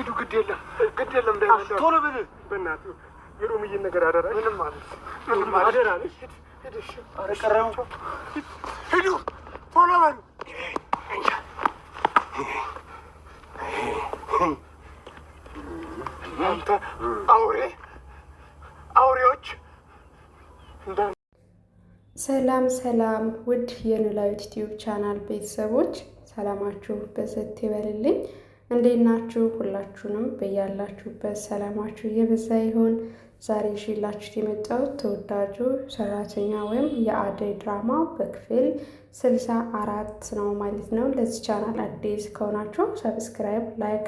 ሂዱ። ግድ የለም ግድ የለም ቶሎ ብል በእናትህ የሮምዬን ነገር አደራ። ምንም ማለት ምንም አደራ ነሽ። ቀረው ሂዱ ቶሎ በሉ። አንተ አውሬ አውሬዎች ሰላም ሰላም፣ ውድ የኖላዊ ዩቲዩብ ቻናል ቤተሰቦች ሰላማችሁ በዘት ይበልልኝ። እንዴት ናችሁ? ሁላችሁንም በያላችሁበት ሰላማችሁ የበዛ ይሁን። ዛሬ ይዤላችሁ የመጣሁት ተወዳጁ ሰራተኛ ወይም የአደይ ድራማ በክፍል ስልሳ አራት ነው ማለት ነው። ለዚህ ቻናል አዲስ ከሆናችሁ ሰብስክራይብ፣ ላይክ፣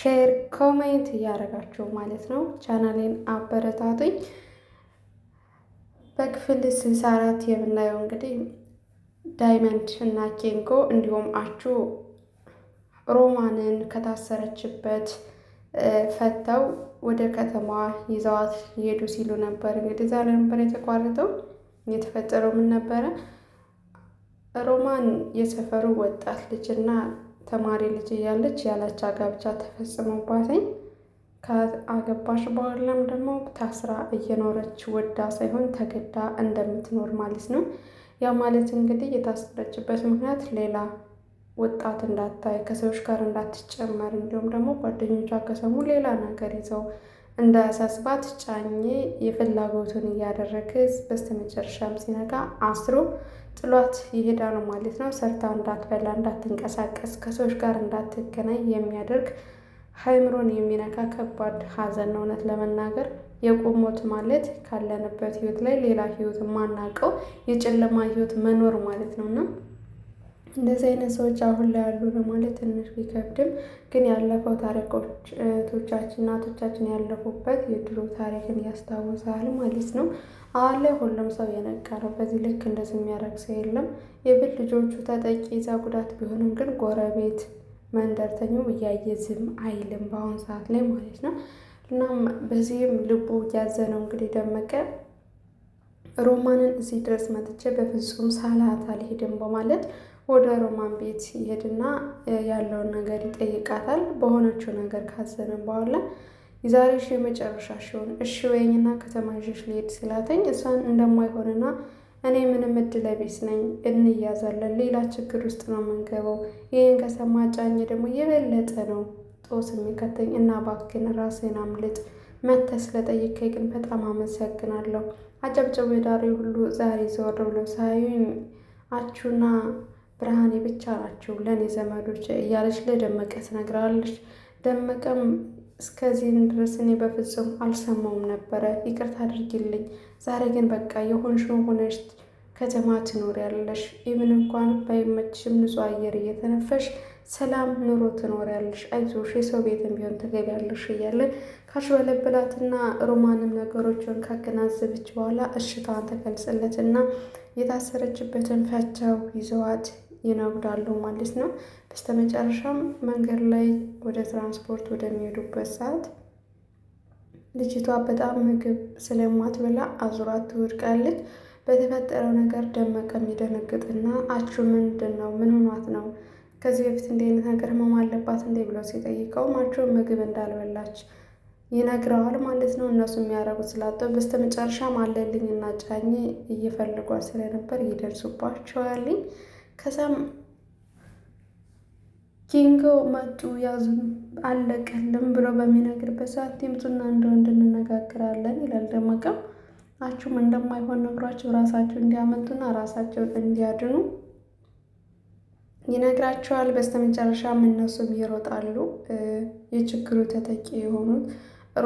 ሼር፣ ኮሜንት እያደረጋችሁ ማለት ነው ቻናሌን አበረታቱኝ። በክፍል ስልሳ አራት የምናየው እንግዲህ ዳይመንድ እና ኬንጎ እንዲሁም አቹ ሮማንን ከታሰረችበት ፈተው ወደ ከተማ ይዘዋት ይሄዱ ሲሉ ነበር። እንግዲህ ዛሬ ነበር የተቋረጠው። የተፈጠረው ምን ነበረ? ሮማን የሰፈሩ ወጣት ልጅና ተማሪ ልጅ እያለች ያላቻ ጋብቻ ተፈጽሞባትኝ ከአገባሽ በኋላም ደግሞ ታስራ እየኖረች ወዳ ሳይሆን ተገዳ እንደምትኖር ማለት ነው። ያ ማለት እንግዲህ የታሰረችበት ምክንያት ሌላ ወጣት እንዳታይ ከሰዎች ጋር እንዳትጨመር እንዲሁም ደግሞ ጓደኞቿ ከሰሙ ሌላ ነገር ይዘው እንዳያሳስባት ጫኝ የፍላጎቱን እያደረገ በስተመጨረሻም ሲነጋ አስሮ ጥሏት ይሄዳል ማለት ነው። ሰርታ እንዳትበላ፣ እንዳትንቀሳቀስ፣ ከሰዎች ጋር እንዳትገናኝ የሚያደርግ ሀይምሮን የሚነካ ከባድ ሀዘን ነው። እውነት ለመናገር የቆሞት ማለት ካለንበት ህይወት ላይ ሌላ ህይወት ማናቀው የጨለማ ህይወት መኖር ማለት ነው እና እንደዚህ አይነት ሰዎች አሁን ላይ ያሉ ለማለት ትንሽ ቢከብድም ግን ያለፈው ታሪኮች እህቶቻችን እናቶቻችን ያለፉበት የድሮ ታሪክን ያስታውሳል ማለት ነው። አሁን ላይ ሁሉም ሰው የነቃ ነው። በዚህ ልክ እንደዚህ የሚያደርግ ሰው የለም። የብል ልጆቹ ተጠቂ ዛ ጉዳት ቢሆንም ግን ጎረቤት መንደርተኛው እያየ ዝም አይልም በአሁኑ ሰዓት ላይ ማለት ነው። እናም በዚህም ልቡ እያዘነው እንግዲህ ደመቀ ሮማንን እዚህ ድረስ መጥቼ በፍጹም ሳላት አልሄድም በማለት ወደ ሮማን ቤት ይሄድና ያለውን ነገር ይጠይቃታል። በሆነችው ነገር ካዘነ በኋላ የዛሬሽ የመጨረሻ ሲሆን እሺ ወይኝና ከተማዥሽ ሊሄድ ስላተኝ እሷን እንደማይሆንና እኔ ምንም እድለ ቢስ ነኝ፣ እንያዛለን፣ ሌላ ችግር ውስጥ ነው የምንገበው ይህን ከሰማ ጫኝ ደግሞ የበለጠ ነው ጦስ የሚከተኝ እና እባክህን ራሴን አምልጥ። መተ ስለጠየከኝ ግን በጣም አመሰግናለሁ። አጨብጨቡ የዳሪ ሁሉ ዛሬ ዘወር ብለው ሳዩኝ አቹና ብርሃኔ ብቻ ናቸው ለእኔ ዘመዶች እያለች ለደመቀ ትነግራለች። ደመቀም እስከዚህም ድረስ እኔ በፍጹም አልሰማውም ነበረ። ይቅርታ አድርጊልኝ። ዛሬ ግን በቃ የሆንሽውን ሆነሽ ከተማ ትኖሪያለሽ። ኢብን እንኳን ባይመችም ንጹህ አየር እየተነፈሽ ሰላም ኑሮ ትኖሪያለሽ። አይዞሽ የሰው ቤትም ቢሆን ትገቢያለሽ እያለ ካሽበለብላትና ሮማንም ነገሮችን ካገናዘበች በኋላ እሽታዋን ተገልጽለትና የታሰረችበትን ፈቻው ይዘዋት ይነጉዳሉ ማለት ነው። በስተመጨረሻም መንገድ ላይ ወደ ትራንስፖርት ወደሚሄዱበት ሰዓት ልጅቷ በጣም ምግብ ስለማትበላ አዙራት ትወድቃለች። በተፈጠረው ነገር ደመቀ የሚደነግጥና አቹ ምንድን ነው? ምን ሆኗት ነው? ከዚህ በፊት እንዲህ አይነት ነገር ህመም አለባት እንዴ? ብለው ሲጠይቀው አቹ ምግብ እንዳልበላች ይነግረዋል ማለት ነው። እነሱ የሚያደርጉት ስላጠው በስተመጨረሻም ማለልኝ እና ጫኝ እየፈልጓል ስለነበር ይደርሱባቸዋልኝ። ከዛም ኪንጎ መጡ ያዙን አለቀልም ብሎ በሚነግርበት ሰዓት ይምጡና እንደ ወንድ እንነጋግራለን ይላል ደመቀም። አችሁም እንደማይሆን ነግሯቸው ራሳቸው እንዲያመጡና ራሳቸው እንዲያድኑ ይነግራቸዋል። በስተመጨረሻ እነሱም ይሮጣሉ። የችግሩ ተጠቂ የሆኑት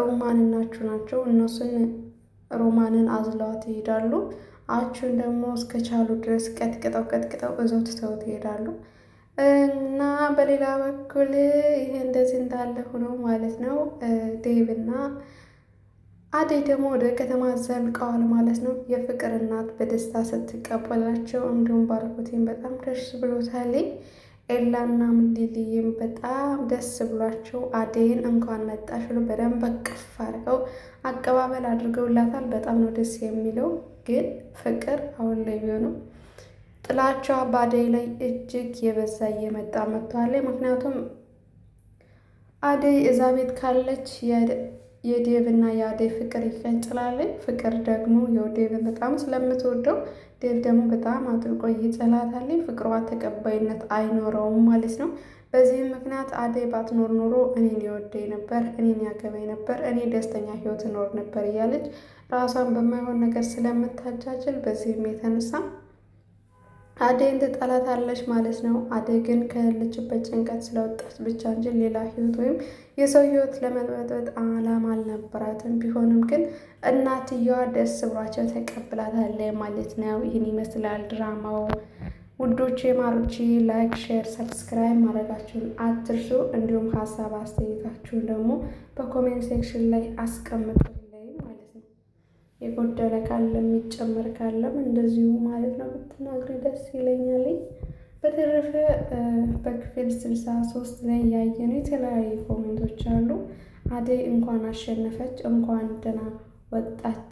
ሮማንናችሁ ናቸው። እነሱን ሮማንን አዝለዋት ይሄዳሉ። አቹን ደግሞ እስከቻሉ ድረስ ቀጥቅጠው ቀጥቅጠው እዛው ትተውት ይሄዳሉ። እና በሌላ በኩል ይሄ እንደዚህ እንዳለ ሆኖ ማለት ነው ዴቭ እና አደይ ደግሞ ወደ ከተማ ዘልቀዋል ማለት ነው። የፍቅር እናት በደስታ ስትቀበላቸው፣ እንዲሁም ባርኮቴን በጣም ደስ ብሎታል። ኤላና ምሊልይም በጣም ደስ ብሏቸው አደይን እንኳን መጣሽ ብሎ በደንብ አቅፍ አድርገው አቀባበል አድርገውላታል። በጣም ነው ደስ የሚለው። ግን ፍቅር አሁን ላይ ቢሆንም ጥላቻ በአደይ ላይ እጅግ የበዛ እየመጣ መጥቷል። ምክንያቱም አደይ እዛ ቤት ካለች የዴቭና የአደይ ፍቅር ይቀንጭላል። ፍቅር ደግሞ የዴቭን በጣም ስለምትወደው ዴቭ ደግሞ በጣም አጥብቆ ይጠላታል። ፍቅሯ ተቀባይነት አይኖረውም ማለት ነው። በዚህም ምክንያት አደይ ባትኖር ኖሮ እኔን ይወደኝ ነበር፣ እኔን ያገባኝ ነበር፣ እኔ ደስተኛ ህይወት እኖር ነበር እያለች ራሷን በማይሆን ነገር ስለምታጃጅል በዚህም የተነሳ አደይን ትጠላታለች ማለት ነው። አደይ ግን ካለችበት ጭንቀት ስለወጣች ብቻ እንጂ ሌላ ህይወት ወይም የሰው ህይወት ለመጥበጥበጥ አላማ አልነበራትም። ቢሆንም ግን እናትየዋ ደስ ብሏቸው ተቀብላታለች ማለት ነው። ይህን ይመስላል ድራማው። ውዶቼ ማሮቼ፣ ላይክ፣ ሼር፣ ሰብስክራይብ ማድረጋችሁን አትርሱ። እንዲሁም ሀሳብ አስተያየታችሁን ደግሞ በኮሜንት ሴክሽን ላይ አስቀምጡ። የጎደለ ካለ የሚጨመር ካለም እንደዚሁ ማለት ነው ብትናግሪ ደስ ይለኛልኝ። በተረፈ በክፍል ስልሳ ሶስት ላይ ያየነው የተለያዩ ኮሜንቶች አሉ። አደይ እንኳን አሸነፈች፣ እንኳን ደህና ወጣች፣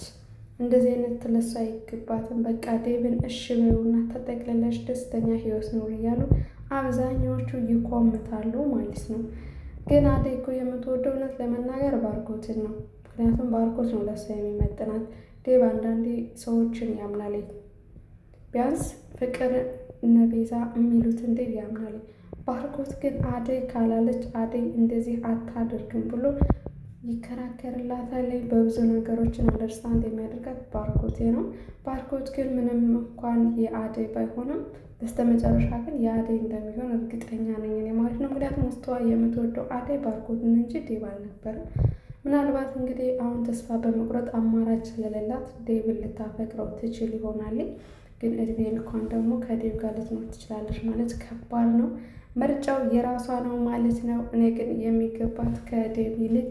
እንደዚህ አይነት ትለሱ አይገባትም። በቃ ዴብን እሽ በውና ተጠቅልለች ደስተኛ ህይወት ኖር እያሉ አብዛኛዎቹ ይኮምታሉ ማለት ነው። ግን አደይ እኮ የምትወደው እውነት ለመናገር ባርኮትን ነው። ምክንያቱም ባርኮት ነው ለእሷ የሚመጥናት። ዴብ አንዳንዴ ሰዎችን ያምናል፣ ቢያንስ ፍቅር እነ ቤዛ የሚሉትን ዴብ ያምናል። ባርኮት ግን አደይ ካላለች አደይ እንደዚህ አታደርግም ብሎ ይከራከርላታል። በብዙ ነገሮችን አንደርስታንድ የሚያደርጋት ባርኮቴ ነው። ባርኮት ግን ምንም እንኳን የአደይ ባይሆንም በስተመጨረሻ ግን የአደይ እንደሚሆን እርግጠኛ ነኝ እኔ ማለት ነው። ምክንያቱም ውስጧ የምትወደው አደይ ባርኮትን እንጂ ዴብ አልነበርም። ምናልባት እንግዲህ አሁን ተስፋ በመቁረጥ አማራጭ ስለሌላት ዴብን ልታፈቅረው ትችል ይሆናል። ግን እድሜ ልኳን ደግሞ ከዴብ ጋር ልትኖር ትችላለች ማለት ከባድ ነው። ምርጫው የራሷ ነው ማለት ነው። እኔ ግን የሚገባት ከዴብ ይልቅ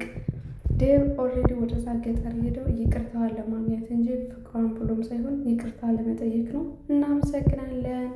ዴቭ ኦልሬዲ ወደዛ ገጠር ሄደው ይቅርታዋን ለማግኘት እንጂ ፍቅሯን ብሎም ሳይሆን ይቅርታ ለመጠየቅ ነው። እናመሰግናለን።